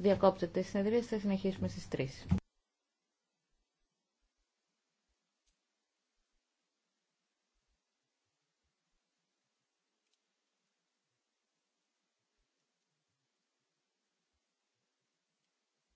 Διακόπτεται η συνεδρία, θα συνεχίσουμε στις 3.